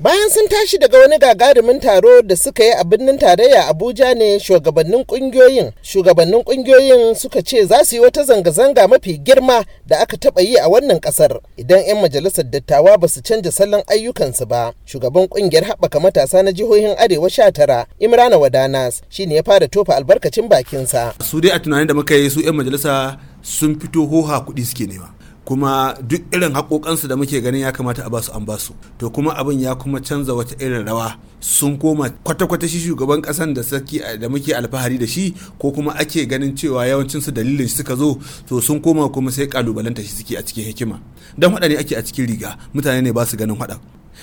bayan sun tashi daga wani gagarumin taro da suka yi a birnin tarayya abuja ne shugabannin kungiyoyin shugabannin kungiyoyin suka ce za su yi wata zanga-zanga mafi girma da aka taba yi a wannan kasar idan 'yan majalisar dattawa ba su canza salon ayyukansu ba shugaban kungiyar haɓaka matasa na jihohin arewa sha tara imrana wadanas shine ya fara tofa albarkacin bakinsa su dai a tunanin da muka yi su 'yan majalisa sun fito hoha kuɗi suke nema kuma duk irin haƙoƙansu da muke ganin ya kamata a basu an basu to kuma abin ya kuma canza wata irin rawa sun koma kwata-kwata shi shugaban ƙasan da saki da muke alfahari da shi ko kuma ake ganin cewa yawancin su dalilin shi suka zo to sun koma kuma sai kalubalanta shi suke a cikin hikima dan hada ne ake a cikin riga mutane ne ba su ganin hada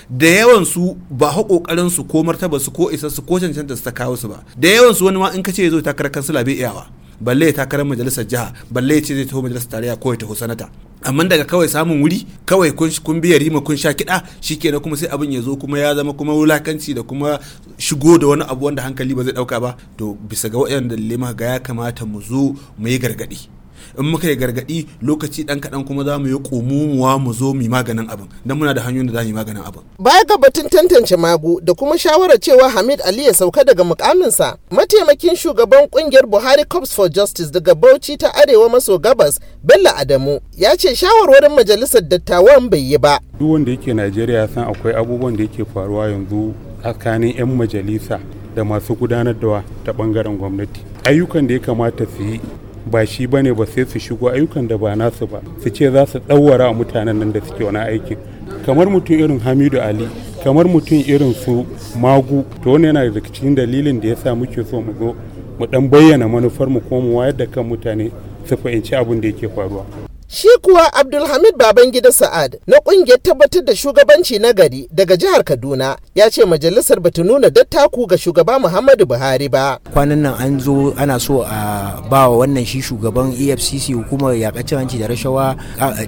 da yawan su ba ha kokarin su ko martaba su ko isa su ko cancanta su ta kawo su ba da yawan su wani ma in kace zo takarar kansila bai iyawa balle ya takarar majalisar jiha balle ya ce zai taho majalisar tarayya ko ya taho sanata amma daga kawai samun wuri kawai kun kun biya rima kun sha kiɗa kenan kuma sai abin ya zo kuma ya zama kuma wulakanci da kuma shigo da wani abu wanda hankali ba zai ɗauka ba to bisa ga waɗanda dalilai ga ya kamata mu zo mu yi gargaɗi in muka yi gargaɗi lokaci dan kaɗan kuma za mu yi komowa mu zo mu yi maganin abin don muna da hanyoyin da za mu yi maganin abin. baya ga batun tantance magu da kuma shawarar cewa hamid ali ya sauka daga mukaminsa mataimakin shugaban kungiyar buhari cops for justice daga bauchi ta arewa maso gabas bello adamu ya ce shawarwarin majalisar dattawan bai yi ba. duk wanda yake najeriya san akwai abubuwan da yake faruwa yanzu tsakanin 'yan majalisa da masu gudanar gudanarwa ta bangaren gwamnati ayyukan da ya kamata su yi ba shi ba ne ba sai su shigo ayyukan da ba nasu ba su ce za su ɗaura a mutanen nan da suke wani aikin kamar mutum irin hamidu ali kamar mutum irin su magu to wani yana daga cikin dalilin da ya sa muke so mu zo mu ɗan bayyana manufar mu kuma mu wayar da kan mutane su fahimci abin da yake faruwa Shi kuwa Abdulhamid Babangida Sa'ad na ƙungiyar tabbatar da shugabanci na gari daga jihar Kaduna ya ce majalisar bata nuna dattaku ga shugaba Muhammadu Buhari ba. Kwanan nan an zo ana so a ba wa wannan shi shugaban EFCC hukumar yakacin hanci da rashawa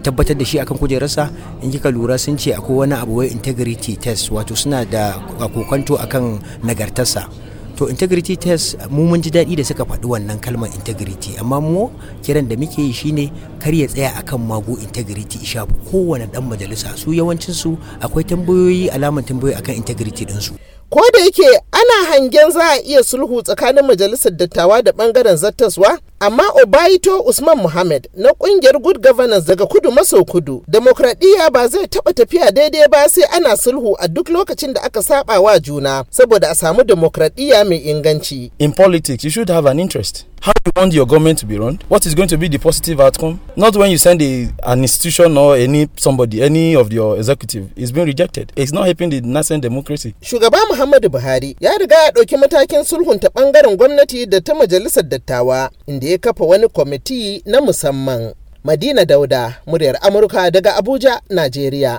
tabbatar da shi akan kujerarsa in kika lura sun ce akwai wani abu wai integrity test wato suna da kokonto akan nagartarsa. to integrity test mu mun ji daɗi da suka faɗi wannan kalmar integrity amma mu kiran da muke yi shine kar ya tsaya akan mago integrity isha kowane dan majalisa su yawancin su akwai tambayoyi alamar tambayoyi akan integrity din su ko da yake ana hangen za a iya sulhu tsakanin majalisar dattawa da bangaren zattaswa amma obaito usman muhammad na kungiyar good governance daga kudu maso kudu demokradiyya ba zai taba tafiya daidai ba sai ana sulhu a duk lokacin da aka saba wa juna saboda a samu demokradiyya mai inganci in politics you should have an interest how you want your government to be run what is going to be the positive outcome not when you send a, an institution or any somebody any of your executive is being rejected it's not helping the nascent democracy shugaba muhammadu buhari ya riga ya ɗauki matakin sulhunta ɓangaren gwamnati da ta majalisar dattawa inda ya kafa wani kwamiti na musamman. Madina Dauda, muryar Amurka daga Abuja, Najeriya.